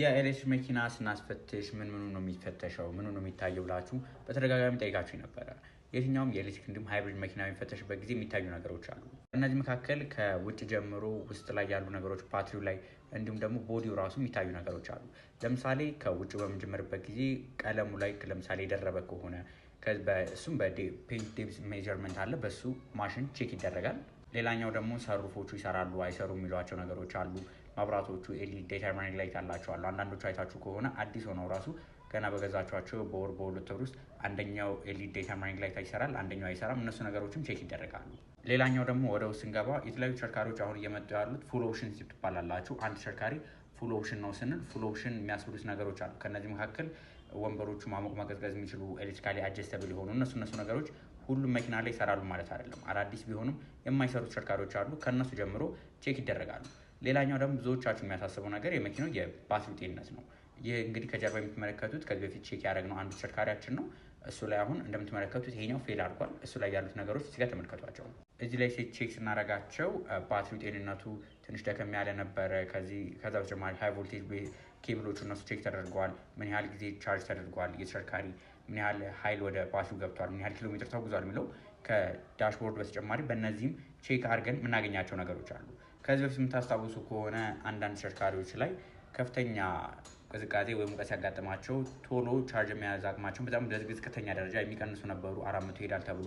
የኤሌክትሪክ መኪና ስናስፈትሽ ምን ምኑ ነው የሚፈተሸው፣ ምኑ ነው የሚታየው ብላችሁ በተደጋጋሚ ጠይቃችሁ ነበረ። የትኛውም የኤሌክትሪክ እንዲሁም ሃይብሪድ መኪና የሚፈተሽበት ጊዜ የሚታዩ ነገሮች አሉ። እነዚህ መካከል ከውጭ ጀምሮ ውስጥ ላይ ያሉ ነገሮች፣ ባትሪው ላይ እንዲሁም ደግሞ ቦዲው ራሱ የሚታዩ ነገሮች አሉ። ለምሳሌ ከውጭ በምንጀምርበት ጊዜ ቀለሙ ላይ ለምሳሌ የደረበ ከሆነ እሱም በፔንት ዴፕዝ ሜጀርመንት አለ፣ በሱ ማሽን ቼክ ይደረጋል። ሌላኛው ደግሞ ሰሩፎቹ ይሰራሉ አይሰሩ የሚሏቸው ነገሮች አሉ። መብራቶቹ ኤልኢዲ ዲተርሚኒንግ ላይት ያላቸዋሉ። አንዳንዶቹ አይታችሁ ከሆነ አዲስ ሆነው ራሱ ገና በገዛቸኋቸው በወር በሁለት ወር ውስጥ አንደኛው ኤልኢዲ ዲተርሚኒንግ ላይት ይሰራል፣ አንደኛው አይሰራም። እነሱ ነገሮችም ቼክ ይደረጋሉ። ሌላኛው ደግሞ ወደ ውስጥ ስንገባ የተለያዩ ተሽከርካሪዎች አሁን እየመጡ ያሉት ፉል ኦፕሽን ትባላላችሁ። አንድ ተሽከርካሪ ፉል ኦፕሽን ነው ስንል ፉል ኦፕሽን የሚያስብሉት ነገሮች አሉ። ከእነዚህ መካከል ወንበሮቹ ማሞቅ ማቀዝቀዝ የሚችሉ ኤሌክትሪካሊ አጀስተብል የሆኑ እነሱ እነሱ ነገሮች ሁሉም መኪና ላይ ይሰራሉ ማለት አይደለም። አዳዲስ ቢሆኑም የማይሰሩ ተሽከርካሪዎች አሉ። ከእነሱ ጀምሮ ቼክ ይደረጋሉ። ሌላኛው ደግሞ ብዙዎቻችሁ የሚያሳስበው ነገር የመኪናው የባትሪ ጤንነት ነው። ይህ እንግዲህ ከጀርባ የምትመለከቱት ከዚህ በፊት ቼክ ያደረግነው አንዱ ተሽከርካሪያችን ነው። እሱ ላይ አሁን እንደምትመለከቱት ይሄኛው ፌል አድርጓል። እሱ ላይ ያሉት ነገሮች እዚጋ ተመልከቷቸው። እዚህ ላይ ቼክ ስናደርጋቸው ባትሪው ጤንነቱ ትንሽ ደከም ያለ ነበረ። ከዛ በተጨማሪ ሃይ ቮልቴጅ ኬብሎቹ እነሱ ቼክ ተደርገዋል። ምን ያህል ጊዜ ቻርጅ ተደርገዋል፣ የተሽከርካሪ ምን ያህል ሀይል ወደ ባትሪው ገብቷል፣ ምን ያህል ኪሎ ሜትር ተጉዟል የሚለው ከዳሽቦርድ በተጨማሪ በእነዚህም ቼክ አድርገን የምናገኛቸው ነገሮች አሉ። ከዚህ በፊት የምታስታውሱ ከሆነ አንዳንድ ተሽከርካሪዎች ላይ ከፍተኛ ቅዝቃዜ ወይም ሙቀት ሲያጋጥማቸው ቶሎ ቻርጅ የመያዝ አቅማቸውን በጣም ዝቅተኛ ደረጃ የሚቀንሱ ነበሩ። አራት መቶ ሄዳል ተብሎ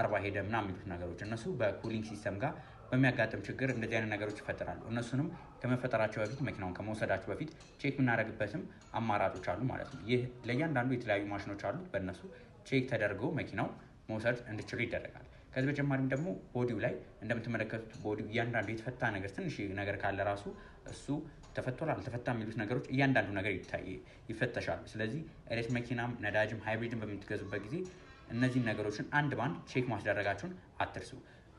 አርባ ሄደ ምና የሚሉት ነገሮች እነሱ በኩሊንግ ሲስተም ጋር በሚያጋጥም ችግር እንደዚህ አይነት ነገሮች ይፈጠራሉ። እነሱንም ከመፈጠራቸው በፊት መኪናውን ከመውሰዳቸው በፊት ቼክ የምናደርግበትም አማራጮች አሉ ማለት ነው። ይህ ለእያንዳንዱ የተለያዩ ማሽኖች አሉ። በእነሱ ቼክ ተደርገው መኪናው መውሰድ እንዲችሉ ይደረጋል። ከዚህ በተጨማሪም ደግሞ ቦዲው ላይ እንደምትመለከቱት ቦዲው እያንዳንዱ የተፈታ ነገር ትንሽ ነገር ካለ ራሱ እሱ ተፈቷል አልተፈታ የሚሉት ነገሮች እያንዳንዱ ነገር ይፈተሻሉ። ስለዚህ ኤሌክትሪክ መኪናም ነዳጅም ሃይብሪድን በምትገዙበት ጊዜ እነዚህ ነገሮችን አንድ በአንድ ቼክ ማስደረጋችሁን አትርሱ።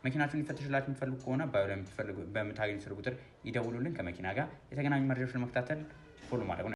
መኪናችሁን ይፈተሽላችሁ የሚፈልጉ ከሆነ በምታገኙ ስልክ ቁጥር ይደውሉልን። ከመኪና ጋር የተገናኙ መረጃዎችን ለመከታተል ፎሎ ማድረጉ